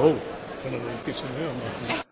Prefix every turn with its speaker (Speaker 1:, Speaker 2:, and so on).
Speaker 1: Oh, können wir ein bisschen höher machen.